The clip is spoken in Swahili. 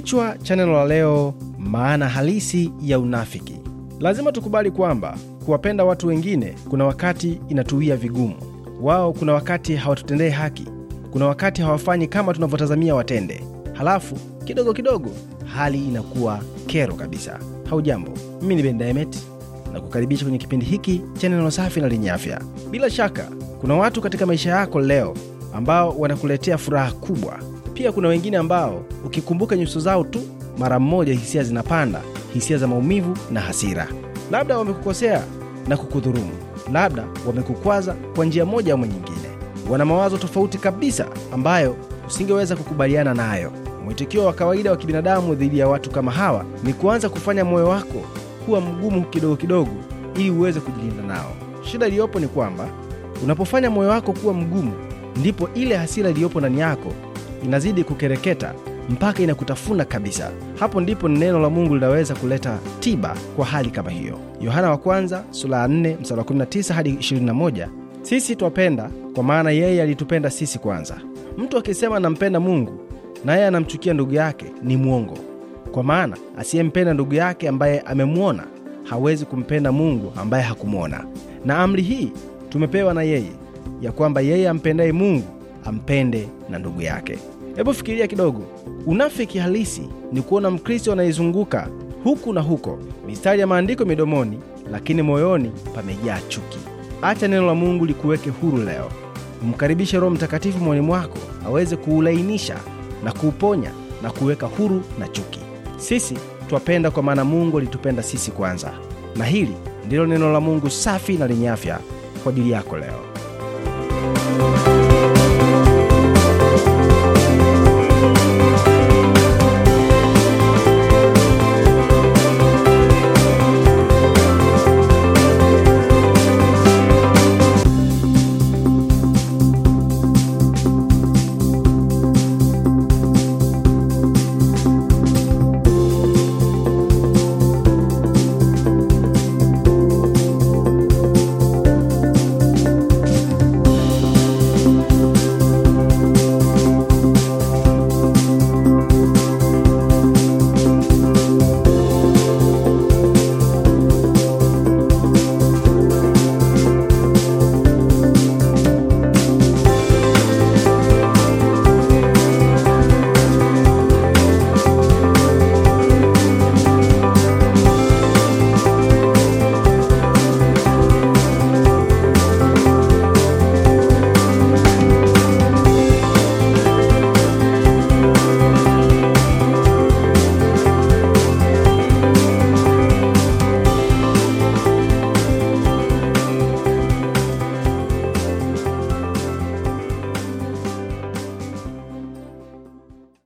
Kichwa cha neno la leo: maana halisi ya unafiki. Lazima tukubali kwamba kuwapenda watu wengine kuna wakati inatuwia vigumu. Wao kuna wakati hawatutendee haki, kuna wakati hawafanyi kama tunavyotazamia watende, halafu kidogo kidogo hali inakuwa kero kabisa. Haujambo, mimi ni Ben Daimet na kukaribisha kwenye kipindi hiki cha neno safi na lenye afya. Bila shaka kuna watu katika maisha yako leo ambao wanakuletea furaha kubwa pia kuna wengine ambao ukikumbuka nyuso zao tu, mara mmoja hisia zinapanda, hisia za maumivu na hasira. Labda wamekukosea na kukudhurumu, labda wamekukwaza kwa njia moja ama nyingine. Wana mawazo tofauti kabisa ambayo usingeweza kukubaliana nayo. Mwitikio wa kawaida wa kibinadamu dhidi ya watu kama hawa ni kuanza kufanya moyo wako kuwa mgumu kidogo kidogo, ili uweze kujilinda nao. Shida iliyopo ni kwamba unapofanya moyo wako kuwa mgumu, ndipo ile hasira iliyopo ndani yako inazidi kukereketa mpaka inakutafuna kabisa. Hapo ndipo neno la Mungu linaweza kuleta tiba kwa hali kama hiyo. Yohana wa kwanza sura ya 4 mstari wa 19 hadi 21, sisi twapenda kwa maana yeye alitupenda sisi kwanza. Mtu akisema nampenda Mungu naye anamchukia ndugu yake ni mwongo, kwa maana asiyempenda ndugu yake ambaye amemwona hawezi kumpenda Mungu ambaye hakumwona. Na amri hii tumepewa na yeye ya kwamba yeye ampendaye Mungu ampende na ndugu yake. Hebu fikiria kidogo, unafiki halisi ni kuona Mkristo anayezunguka huku na huko, mistari ya maandiko midomoni, lakini moyoni pamejaa chuki. Acha neno la Mungu likuweke huru leo. Umkaribishe Roho Mtakatifu moyoni mwako aweze kuulainisha na kuuponya na kuweka huru na chuki. Sisi twapenda kwa maana Mungu alitupenda sisi kwanza, na hili ndilo neno la Mungu safi na lenye afya kwa ajili yako leo.